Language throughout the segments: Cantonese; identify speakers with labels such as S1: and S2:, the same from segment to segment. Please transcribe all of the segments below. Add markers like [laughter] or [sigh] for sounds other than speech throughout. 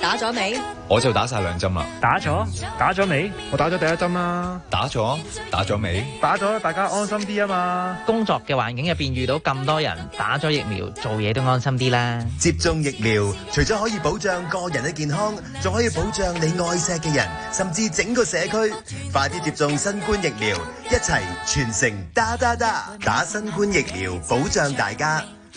S1: 打
S2: 咗
S3: 未？我就打晒兩針啦。打
S2: 咗，打咗未？我打咗第一針啦。
S3: 打咗，打咗未？
S2: 打咗，大家安心啲啊嘛！工作嘅環境入邊遇到咁多人，打咗疫苗做嘢都安心啲啦。
S3: 接種疫苗，除咗可以保障個人嘅健康，仲可以保障你愛錫嘅人，甚至整個社區。快啲接種新冠疫苗，一齊全城。打打打，打新冠疫苗保障大家。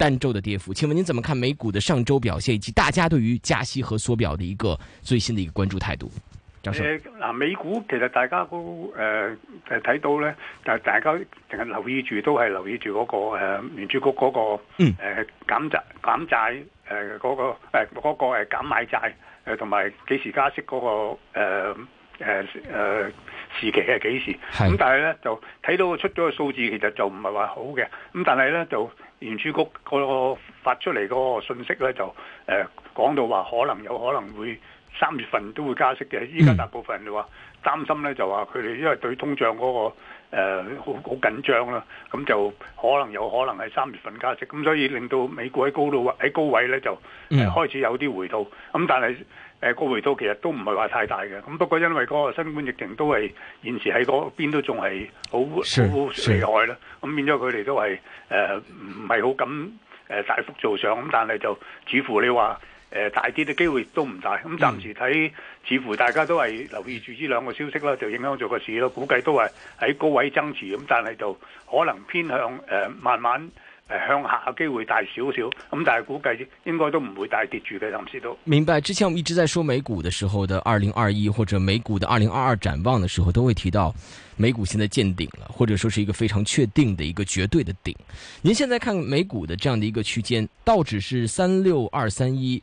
S4: 單周的跌幅，請問您怎麼看美股的上周表現，以及大家對於加息和縮表的一個最新的一個關注態度？誒，
S5: 嗱，美股其實大家都誒誒睇到咧，但大家淨係留意住都係留意住嗰、那個誒，聯、呃、儲局嗰、那個嗯誒、呃、減債減債誒、呃呃呃呃呃這個誒個誒減買債誒同埋幾時加息嗰、那個誒誒誒。呃呃呃呃時期係幾時？咁、嗯、但係呢，就睇到出咗個數字，其實就唔係話好嘅。咁、嗯、但係呢，就聯儲局嗰個發出嚟嗰個信息呢，就誒、呃、講到話可能有可能會三月份都會加息嘅。依家大部分人話、嗯、擔心呢，就話佢哋因為對通脹嗰、那個好好、呃、緊張啦，咁就可能有可能係三月份加息。咁所以令到美股喺高度喺高位呢，就、呃嗯、開始有啲回吐。咁、嗯、但係。誒個回吐其實都唔係話太大嘅，咁不過因為嗰個新冠疫情都係現時喺嗰邊都仲係好好厲害啦，咁變咗佢哋都係誒唔係好敢誒、呃、大幅做上，咁但係就似乎你話誒、呃、大啲嘅機會都唔大，咁暫時睇、嗯、似乎大家都係留意住呢兩個消息啦，就影響咗個市咯，估計都係喺高位增持，咁但係就可能偏向誒、呃、慢慢。向下嘅機會大少少，咁但係估計應該都唔會大跌住嘅，甚至都
S4: 明白。之前我們一直在說美股嘅時候的二零二一或者美股的二零二二展望的時候，都會提到美股現在見頂了，或者說是一個非常確定嘅一個絕對嘅頂。您現在看美股的這樣的一個區間，道指是三六二三一。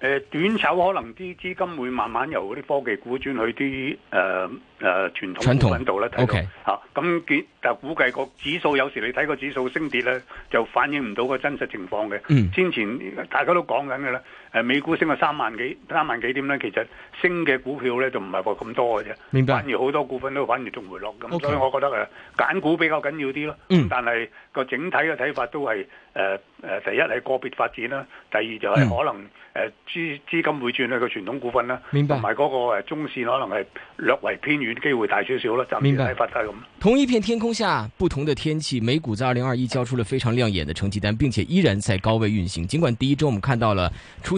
S5: 誒，短炒可能啲資金會慢慢由啲科技股轉去啲誒誒傳統股度咧，睇到，吓咁見就估計個指數，有時你睇個指數升跌咧，就反映唔到個真實情況嘅。嗯，先前大家都講緊嘅啦。誒、呃、美股升到三萬幾三萬幾點咧，其實升嘅股票咧就唔係話咁多嘅啫，明白，反而好多股份都反而仲回落咁，okay。所以我覺得誒揀、啊、股比較緊要啲咯。咁、嗯、但係個整體嘅睇法都係誒誒，第一係個別發展啦，第二就係可能誒資、嗯呃、資金會轉去個傳統股份啦，明白，同埋嗰個中線可能係略為偏遠機會大少少啦。暫時睇法都係咁。
S4: 同一片天空下不同的天氣，美股在二零二一交出了非常亮眼嘅成績單，並且依然在高位運行。儘管第一周我們看到了出。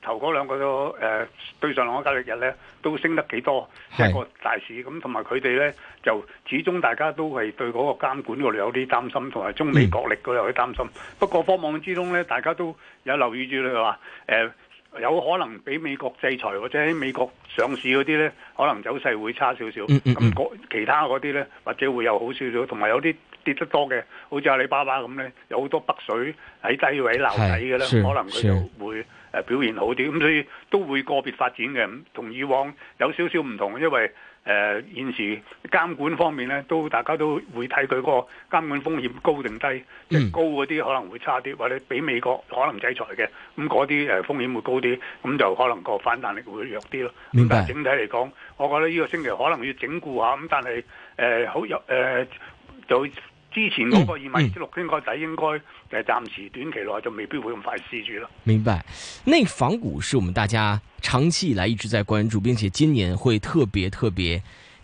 S5: 頭嗰兩個都、呃、對上兩個交易日咧，都升得幾多一個大市咁，同埋佢哋咧就始終大家都係對嗰個監管嗰度有啲擔心，同埋中美角力嗰度有啲擔心、嗯。不過科網之中咧，大家都有留意住佢話有可能俾美國制裁或者喺美國上市嗰啲咧，可能走勢會差少少。咁、嗯嗯嗯、其他嗰啲咧，或者會又好少少，同埋有啲跌得多嘅，好似阿里巴巴咁咧，有好多北水喺低位撈底嘅咧，可能佢就會。誒、呃、表現好啲咁、嗯，所以都會個別發展嘅，同以往有少少唔同，因為誒、呃、現時監管方面呢，都大家都會睇佢個監管風險高定低，即、係、高嗰啲可能會差啲，或者比美國可能制裁嘅，咁嗰啲誒風險會高啲，咁就可能個反彈力會弱啲咯。明白。但係整體嚟講，我覺得呢個星期可能要整固下，咁、嗯、但係好有誒就。之前嗰個二萬支六千個仔，應該就係暫時短期內就未必會咁快試住咯、嗯
S4: 嗯。明白，內房股是我們大家長期以來一直在關注，並且今年會特別特別，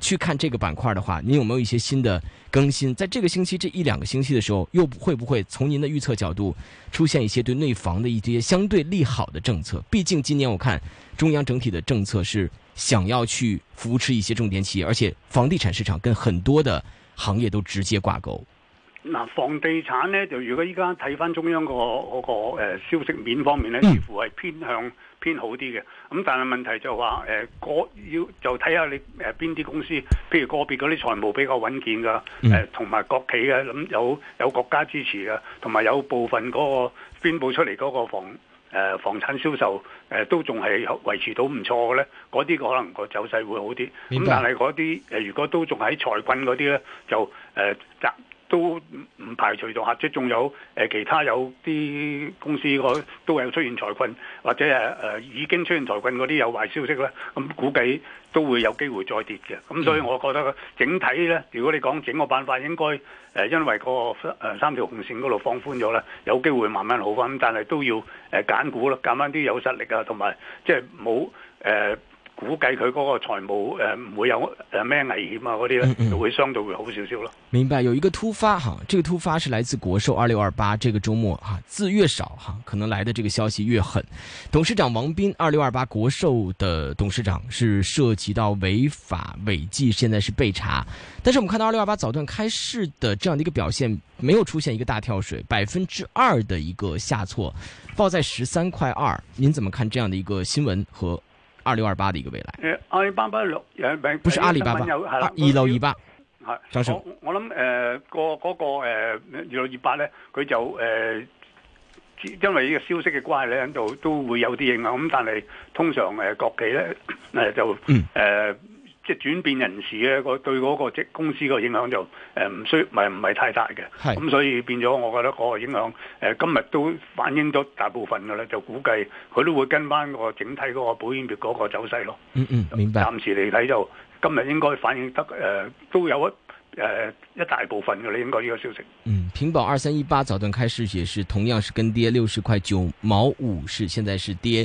S4: 去看這個板塊的話，您有沒有一些新的更新？在這個星期這一兩個星期的時候，又會不會從您的預測角度出現一些對內房的一些相對利好的政策？畢竟今年我看中央整體的政策是想要去扶持一些重點企業，而且房地產市場跟很多的行業都直接掛鈎。
S5: 那房地產呢？就如果依家睇返中央個嗰個消息面方面呢，似乎係偏向偏好啲嘅。咁、嗯、但係問題就話誒、呃，要就睇下你誒邊啲公司，譬如個別嗰啲財務比較穩健嘅，誒同埋國企嘅，咁、嗯、有有國家支持嘅，同埋有部分嗰、那個宣佈出嚟嗰個房誒、呃、房產銷售誒、呃、都仲係維持到唔錯嘅咧，嗰啲可能個走勢會好啲。咁、嗯、但係嗰啲誒，如果都仲喺財困嗰啲咧，就誒、呃都唔排除就客，即仲有其他有啲公司都有出現財困，或者已經出現財困嗰啲有壞消息咧。咁估計都會有機會再跌嘅。咁所以我覺得整體咧，如果你講整個板塊應該誒，因為個誒三條紅線嗰度放寬咗啦，有機會慢慢好翻。咁但係都要誒揀股啦，揀翻啲有實力啊，同埋即係冇誒。呃估計佢嗰個財務誒唔、呃、會有誒咩、呃、危險啊嗰啲、嗯嗯、就會相對會好少
S4: 少咯。明白，有一個突發哈，這個突發是來自國壽二六二八。這個周末哈字越少哈，可能來的這個消息越狠。董事長王斌二六二八國壽的董事長是涉及到違法違紀，現在是被查。但是我們看到二六二八早段開市的這樣的一個表現，沒有出現一個大跳水，百分之二的一個下挫，報在十三塊二。您怎麼看這樣的一個新聞和？二六二八嘅一個未來，
S5: 阿里巴巴兩名不是阿里巴巴，係、啊、啦，二六二八係，我我諗誒、呃那個嗰、那個誒二六二八咧，佢、呃、就誒、呃，因為呢個消息嘅關係咧喺度都會有啲影響，咁但係通常誒、呃、國企咧誒、呃、就誒。嗯呃即係轉變人士咧，個對嗰個即公司影、嗯、個影響就誒唔需，唔係唔係太大嘅。咁所以變咗，我覺得嗰個影響誒今日都反映咗大部分嘅啦。就估計佢都會跟翻個整體嗰個保險業嗰個走勢咯。嗯嗯，明白。暫時嚟睇就今日應該反映得誒、呃，都有一誒、呃、一大部分嘅你應該呢個消息。嗯，
S4: 平保二三一八早段開市也是同樣是跟跌六十塊九毛五，是現在是跌。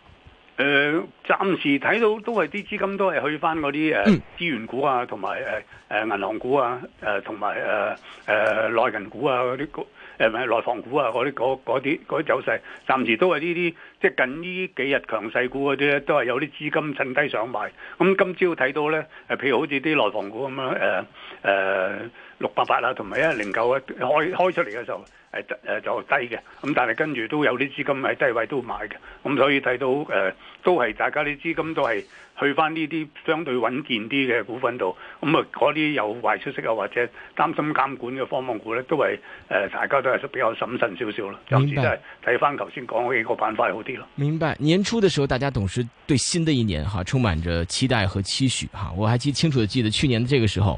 S5: 誒、呃，暫時睇到都係啲資金都係去翻嗰啲誒資源股啊，同埋誒誒銀行股啊，誒同埋誒誒內銀股啊嗰啲誒內房股啊嗰啲嗰啲啲走勢，暫時都係呢啲，即係近呢幾日強勢股嗰啲咧，都係有啲資金趁低上買。咁今朝睇到咧，誒譬如好似啲內房股咁樣，誒、呃、誒。呃六八八啦，同埋一零九一開開出嚟嘅時候誒誒就低嘅，咁但係跟住都有啲資金喺低位都買嘅，咁、嗯、所以睇到誒、呃、都係大家啲資金都係去翻呢啲相對穩健啲嘅股份度，咁啊嗰啲有壞消息啊或者擔心監管嘅方望股咧，都係誒、呃、大家都係比較審慎少少啦，有時就係睇翻頭先講嗰幾個板塊好啲咯。
S4: 明白年初嘅時候，大家董事對新的一年哈、啊、充滿着期待和期許哈、啊，我還記清楚地記得去年嘅這個時候。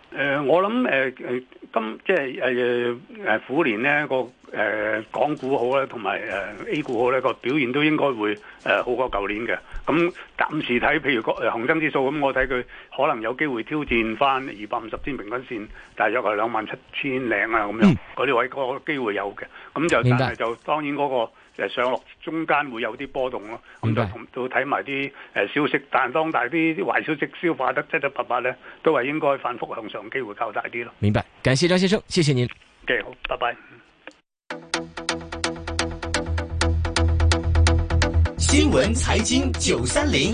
S5: 呃、我諗、呃、今即係誒誒，虎年咧個、呃、港股好咧，同埋 A 股好呢個表現都應該會好過舊年嘅。咁、嗯、暫時睇，譬如個恆生指數咁、嗯，我睇佢可能有機會挑戰返二百五十天平均線，大約如係兩萬七千零呀。咁樣嗰啲位，個機會有嘅。咁、嗯、就但係就當然嗰、嗰個。誒，上落中間會有啲波動咯，啊，咁就同到睇埋啲誒消息，但當大啲啲壞消息消化得七七八八咧，都係應該反覆向上機會較大啲咯。
S4: 明白，感謝張先生，謝謝您。嘅
S5: ，Okay，好，拜拜。
S3: 新聞財經九三零。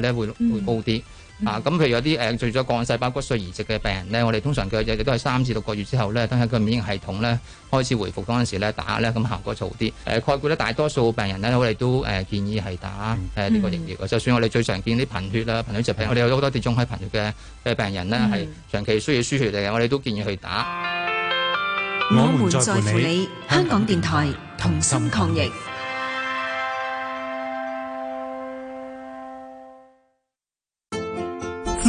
S3: 咧、嗯嗯、會高啲啊！咁譬如有啲誒，除咗幹細胞骨髓移植嘅病人咧，我哋通常佢日日都係三至六個月之後咧，等下個免疫系統咧開始回復嗰陣時咧打咧，咁效果就好啲。誒、呃，概括咧大多數病人咧，我哋都誒、呃、建議係打誒呢、嗯呃這個疫苗。就算我哋最常見啲貧血啦、貧血疾病，嗯、我哋有好多地中海貧血嘅嘅病人咧，係長期需要輸血嚟嘅，我哋都建議去打。
S6: 我們在乎你，香港電台同
S2: 心抗疫。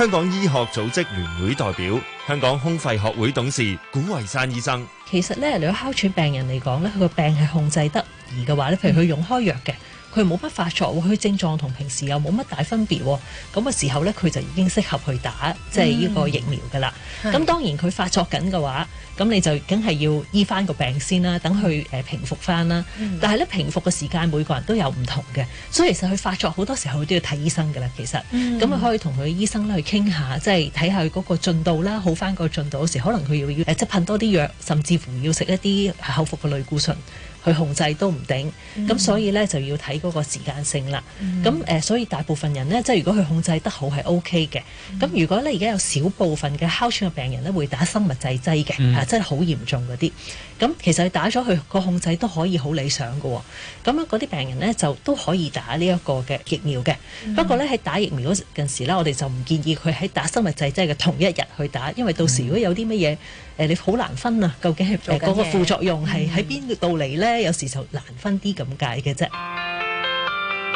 S7: 香港醫學組織聯會代表、香港胸肺學會
S3: 董事古慧山醫生，
S2: 其實咧，如果哮喘病人嚟講咧，佢個病係控制得宜嘅話咧，譬如佢用開藥嘅。嗯佢冇乜發作喎，佢症狀同平時又冇乜大分別喎，咁嘅時候呢，佢就已經適合去打即係呢個疫苗嘅啦。咁、嗯、當然佢發作緊嘅話，咁你就梗係要醫翻個病先啦，等佢誒平復翻啦、嗯。但係咧平復嘅時間每個人都有唔同嘅，所以其實佢發作好多時候佢都要睇醫生嘅啦。其實咁啊、嗯、可以同佢醫生去傾下，即係睇下嗰個進度啦，好翻個進度嗰時候可能佢要要即係噴多啲藥，甚至乎要食一啲口服嘅類固醇。去控制都唔頂，咁、嗯、所以呢，就要睇嗰個時間性啦。咁、嗯呃、所以大部分人呢，即係如果佢控制得好係 O K 嘅。咁、嗯、如果呢而家有少部分嘅哮喘嘅病人呢，會打生物製劑嘅、嗯，啊真係好嚴重嗰啲。咁其實打咗佢個控制都可以好理想㗎喎、哦。咁樣嗰啲病人呢，就都可以打呢一個嘅疫苗嘅、嗯。不過呢，喺打疫苗嗰陣時呢，我哋就唔建議佢喺打生物製劑嘅同一日去打，因為到時如果有啲乜嘢。誒、哎、你好難分啊，究竟係誒嗰個副作用係喺邊度嚟呢、嗯？有時就難分啲咁解嘅啫。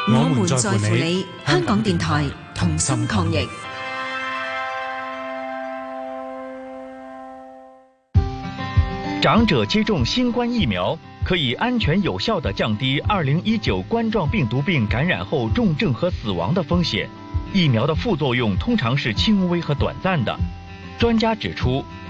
S2: 我們在乎你，香港電台同心抗疫。
S3: 長者接種新冠疫苗可以安全有效地降低二零一九冠狀病毒病感染後重症和死亡嘅風險。疫苗的副作用通常是輕微和短暫的。專家指出，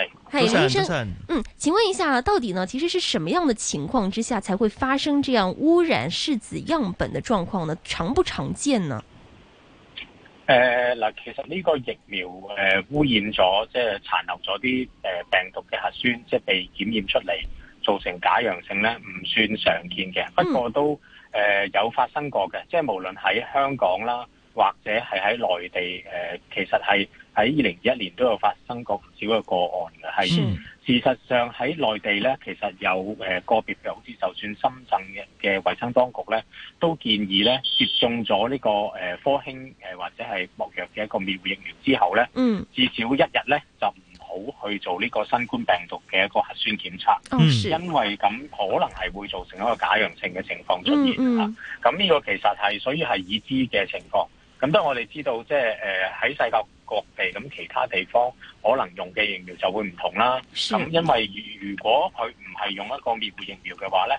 S7: 係，林醫
S8: 生，嗯，請問一下，到底呢？其實是什麼樣嘅情況之下才會發生這樣污染拭子樣本嘅狀況呢？常不常見呢？
S9: 誒，嗱，其實呢個疫苗誒污染咗，即係殘留咗啲誒病毒嘅核酸，即係被檢驗出嚟，造成假陽性咧，唔算常見嘅。不過都誒有發生過嘅，即係無論喺香港啦，或者係喺內地，誒，其實係。喺二零二一年都有發生過唔少嘅個案嘅，係事實上喺內地咧，其實有誒個別嘅，好似就算深圳嘅嘅衞生當局咧，都建議咧接種咗呢個誒科興誒或者係莫藥嘅一個滅活疫苗之後咧，嗯，至少一日咧就唔好去做呢個新冠病毒嘅一個核酸檢測，因為咁可能係會造成一個假陽性嘅情況出現嚇，咁呢個其實係所以係已知嘅情況。咁當然我哋知道，即係喺、呃、世界各地咁，其他地方可能用嘅疫苗就會唔同啦。咁因為如果佢唔係用一個滅活疫苗嘅話咧。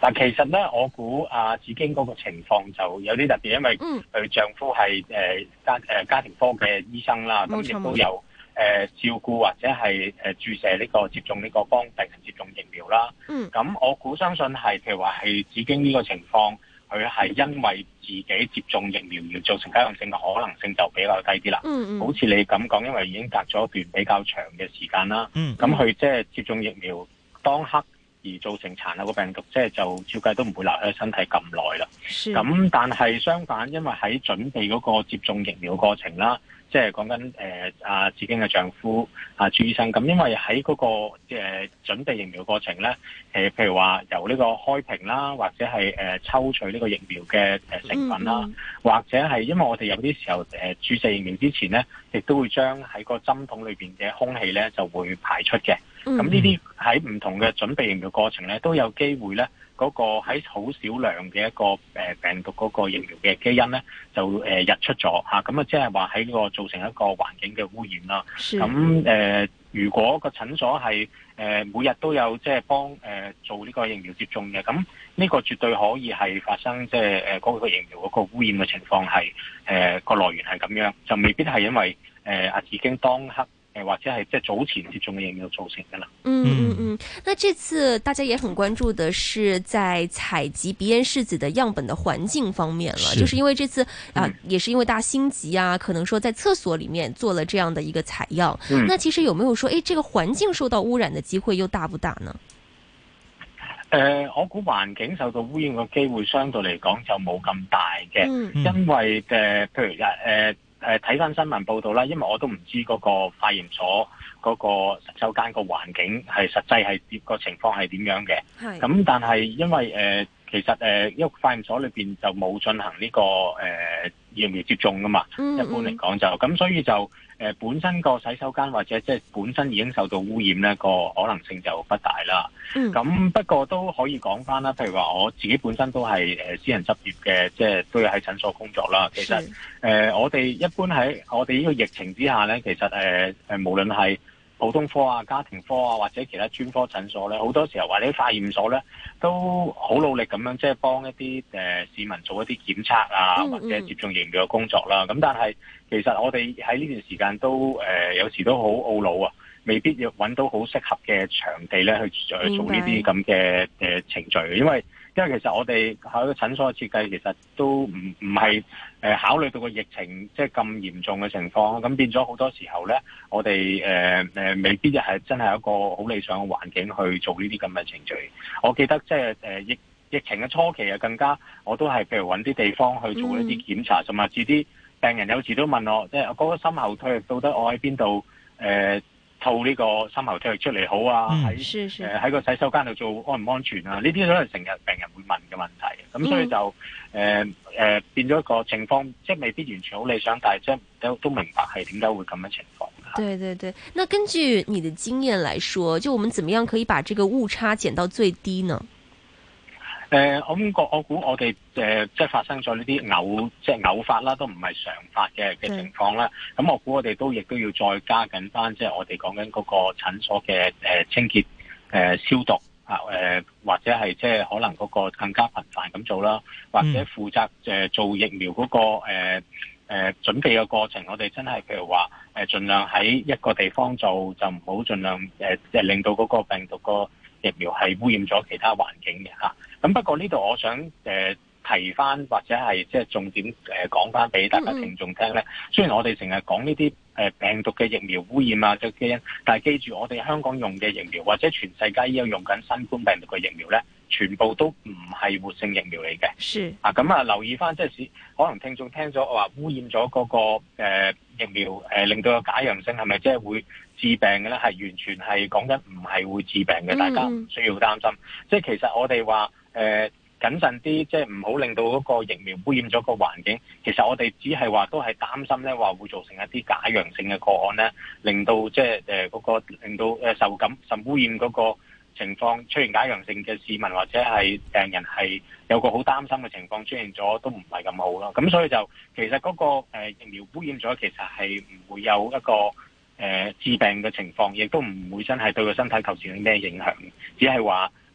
S9: 但其實咧，我估阿子矜嗰個情況就有啲特別，因為佢、嗯、丈夫係誒、呃、家誒、呃、家庭科嘅醫生啦，咁亦都有誒、呃、照顧或者係誒、呃、注射呢、這個接種呢個幫病人接種疫苗啦。嗯，咁我估相信係，譬如話係子矜呢個情況，佢係因為自己接種疫苗而造成假陽性嘅可能性就比較低啲啦。嗯嗯，好似你咁講，因為已經隔咗一段比較長嘅時間啦。嗯，咁佢即係接種疫苗當刻。而造成殘留嘅病毒，即係就照計都唔會留喺身體咁耐啦。咁但係相反，因為喺準備嗰個接種疫苗過程啦。即係講緊誒阿子矜嘅丈夫啊朱醫生咁，因為喺嗰、那個即、呃、準備疫苗過程咧，誒、呃、譬如話由呢個開瓶啦，或者係誒、呃、抽取呢個疫苗嘅誒成分啦，mm -hmm. 或者係因為我哋有啲時候誒、呃、注射疫苗之前咧，亦都會將喺個針筒裏邊嘅空氣咧就會排出嘅。咁呢啲喺唔同嘅準備疫苗過程咧，都有機會咧。嗰、那個喺好少量嘅一個誒病毒嗰個疫苗嘅基因咧，就誒溢出咗嚇，咁啊即係話喺呢個造成一個環境嘅污染啦、啊。咁誒，如果個診所係誒每日都有即係幫誒做呢個疫苗接種嘅，咁呢個絕對可以係發生即係誒嗰個疫苗嗰個污染嘅情況係誒個來源係咁樣，就未必係因為誒阿子矜當刻。誒，或者係即係早前接種嘅疫苗造成噶啦、嗯。嗯嗯
S8: 嗯，那這次大家也很關注的是在採集鼻咽拭子的樣本的環境方面了，就是因為這次、嗯、啊，也是因為大心急啊，可能說在廁所裏面做了這樣的一個採樣、嗯。那其實有沒有說，誒、哎，這個環境受到污染的機會又大不大呢？誒、
S9: 呃，我估環境受到污染嘅機會相對嚟講就冇咁大嘅、嗯，因為誒、嗯呃，譬如誒。呃誒，睇翻新聞報道啦，因為我都唔知嗰個化驗所嗰個洗手間個環境係實際係點個情況係點樣嘅。係。咁但係因為誒、呃，其實誒，因為化驗所裏面就冇進行呢、呢個誒疫苗接種㗎嘛。一般嚟講就咁，嗯嗯，所以就。誒、呃、本身個洗手間或者即係本身已經受到污染咧，個可能性就不大啦。咁、嗯、不過都可以講翻啦，譬如話我自己本身都係私人執業嘅，即係、就是、都要喺診所工作啦。其實誒、呃、我哋一般喺我哋呢個疫情之下咧，其實誒誒、呃、無論係。普通科啊、家庭科啊，或者其他專科診所咧，好多時候或者化驗所咧，都好努力咁樣，即係幫一啲誒市民做一啲檢測啊嗯嗯，或者接種疫苗嘅工作啦。咁但係其實我哋喺呢段時間都誒、呃，有時都好懊惱啊，未必要搵到好適合嘅場地咧去，去做呢啲咁嘅誒程序，因為。因為其實我哋喺個診所嘅設計其實都唔唔係考慮到個疫情即係咁嚴重嘅情況，咁變咗好多時候咧，我哋誒未必就係真係一個好理想嘅環境去做呢啲咁嘅程序。我記得即係疫疫情嘅初期啊，更加我都係譬如揾啲地方去做一啲檢查，同埋至啲病人有時都問我，即係我嗰個心後退到底我喺邊度誒？呃套呢個心喉，套出嚟好啊，喺誒喺個洗手間度做安唔安全啊？呢啲可能成日病人會問嘅問題，咁所以就誒誒、嗯呃呃、變咗一個情況，即係未必完全好理想，但係即係都都明白係點解會咁樣嘅情況
S8: 嘅。對對對，那根據你的經驗來說，就我們怎麼樣可以把這個誤差減到最低呢？
S9: 誒、嗯，我估我估我哋誒，即係發生咗呢啲偶即係偶發啦，都唔係常發嘅嘅情況啦。咁、嗯、我估我哋都亦都要再加緊翻，即係我哋講緊嗰個診所嘅誒、呃、清潔誒消毒啊，誒、呃、或者係即係可能嗰個更加頻繁咁做啦。或者負責誒、呃、做疫苗嗰、嗰個誒誒、呃呃、準備嘅過程，我哋真係譬如話誒盡量喺一個地方做，就唔好盡量誒、呃、即係令到嗰個病毒個疫苗係污染咗其他環境嘅吓。咁不過呢度，我想誒、呃、提翻或者係即係重點誒講翻俾大家聽眾聽咧、嗯嗯。雖然我哋成日講呢啲誒病毒嘅疫苗污染啊嘅基因，但係記住我哋香港用嘅疫苗或者全世界依家用緊新冠病毒嘅疫苗咧，全部都唔係活性疫苗嚟嘅。啊，咁啊留意翻，即係可能聽眾聽咗我話污染咗嗰、那個、呃、疫苗、呃、令到有假陽性係咪即係會致病嘅咧？係完全係講緊唔係會致病嘅、嗯嗯，大家唔需要擔心。即係其實我哋話。誒、呃，謹慎啲，即係唔好令到嗰個疫苗污染咗個環境。其實我哋只係話都係擔心咧，話會造成一啲假陽性嘅個案咧，令到即係誒嗰個，令到誒受感受污染嗰個情況出現假陽性嘅市民或者係病人係有個好擔心嘅情況出現咗，都唔係咁好咯。咁所以就其實嗰、那個誒、呃、疫苗污染咗，其實係唔會有一個誒致、呃、病嘅情況，亦都唔會真係對個身體構成咩影響，只係話。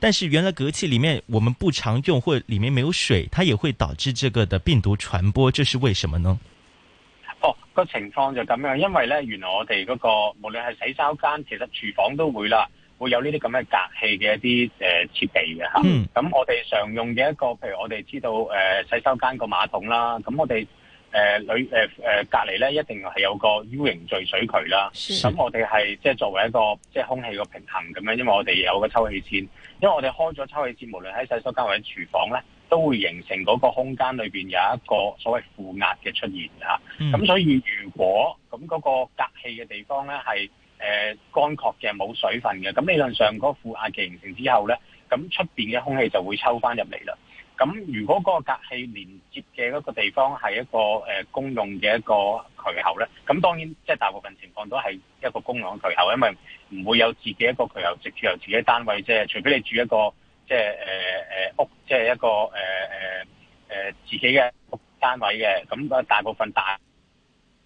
S7: 但是原來隔氣裏面我們不常用或裏面沒有水，它也會導致這個的病毒傳播，這是為什麼呢？
S9: 哦，個情況就咁樣，因為呢，原來我哋嗰、那個無論係洗手間，其實廚房都會啦，會有呢啲咁嘅隔氣嘅一啲誒設備嘅吓。咁、嗯啊、我哋常用嘅一個，譬如我哋知道誒、呃、洗手間個馬桶啦，咁我哋誒誒誒隔籬呢，一定係有個 U 型聚水渠啦。咁我哋係即係作為一個即係空氣個平衡咁樣，因為我哋有個抽氣扇。因為我哋開咗抽氣扇，無論喺洗手間或者廚房咧，都會形成嗰個空間裏邊有一個所謂負壓嘅出現吓。咁、嗯、所以如果咁嗰個隔氣嘅地方咧係誒乾涸嘅冇水分嘅，咁理論上嗰個負壓嘅形成之後咧，咁出邊嘅空氣就會抽翻入嚟啦。咁如果個隔氣連接嘅嗰個地方係一個、呃、公用嘅一個渠口咧，咁當然即係、就是、大部分情況都係一個公用渠口，因為唔會有自己一個渠口直接由自己單位，即係除非你住一個即係誒屋，即、就、係、是、一個誒誒、呃呃、自己嘅屋單位嘅，咁大部分大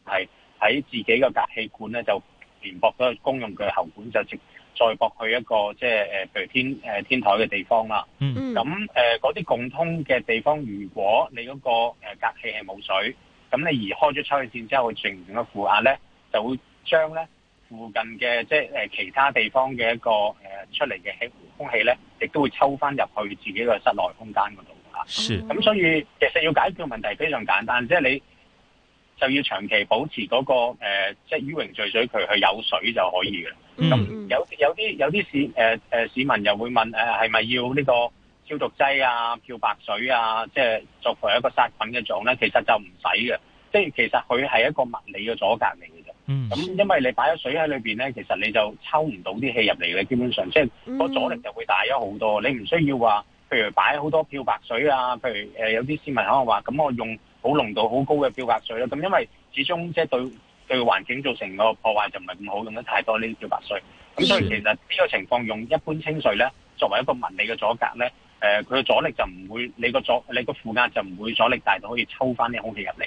S9: 係喺自己個隔氣管咧，就連駁咗公用嘅喉管就直接。再駁去一個即係誒，譬如天誒天台嘅地方啦。嗯嗯。咁誒嗰啲共通嘅地方，如果你嗰個隔氣係冇水，咁你移開咗抽氣線之後，佢形成個負壓咧，就會將咧附近嘅即係誒其他地方嘅一個誒、呃、出嚟嘅氣空氣咧，亦都會抽翻入去自己個室內空間嗰度㗎。咁所以其實要解決個問題非常簡單，即、就、係、是、你就要長期保持嗰、那個、呃、即係 U 形聚水渠去有水就可以嘅。嗯。咁、嗯、有有啲有啲市、呃呃、市民又會問、呃、係咪要呢個消毒劑啊漂白水啊，即係作為一個殺菌嘅作用咧，其實就唔使嘅，即係其實佢係一個物理嘅阻隔嚟嘅
S10: 啫。咁、嗯、
S9: 因為你擺咗水喺裏面咧，其實你就抽唔到啲氣入嚟嘅，基本上即係個阻力就會大咗好多。你唔需要話，譬如擺好多漂白水啊，譬如、呃、有啲市民可能話，咁我用好濃度好高嘅漂白水啦。咁因為始終即係對對環境造成個破壞，就唔係咁好，用得太多呢啲漂白水。咁所以其實呢個情況用一般清水咧，作為一個物理嘅阻隔咧，誒、呃，佢嘅阻力就唔會，你個阻，你個負壓就唔會阻力大到可以抽翻啲空氣入嚟。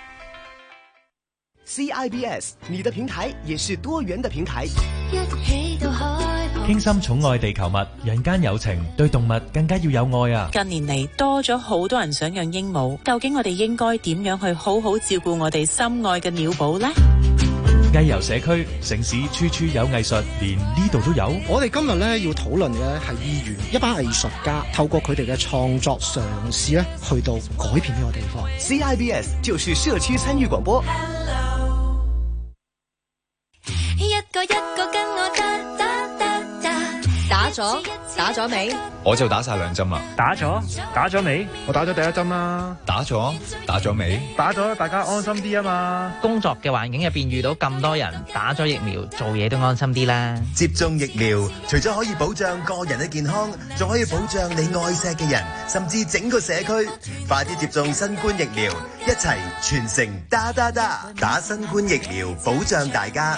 S3: CIBS，你的平台
S2: 也是多元的平台。一起到海，
S11: 傾心寵愛地球物，人間有情，對動物更加要有愛啊！
S2: 近年嚟多咗好多人想養鸚鵡，究竟我哋應該點樣去好好照顧我哋心愛嘅鳥寶呢？
S11: 藝遊社區，城市處處有藝術，連呢度都有。
S2: 我哋今日咧要討論嘅係議員，一班藝術家透過佢哋嘅創作嘗試咧，去到改變呢個
S3: 地方。C I B S 就是社區參與廣播。Hello.
S1: 一個一個跟我 [noise] 咗打
S2: 咗未？
S3: 我就打晒兩針啦。打咗
S5: 打咗未？我打咗第一
S3: 針啦。打咗打咗未？
S2: 打咗，大家安心啲啊嘛！工作嘅環境入邊遇到咁多人，打咗疫苗做嘢都安心啲啦。
S3: 接種疫苗，除咗可以保障個人嘅健康，仲可以保障你愛錫嘅人，甚至整個社區。快啲接種新冠疫苗，一齊全城打打打，打新冠疫苗，保障大家。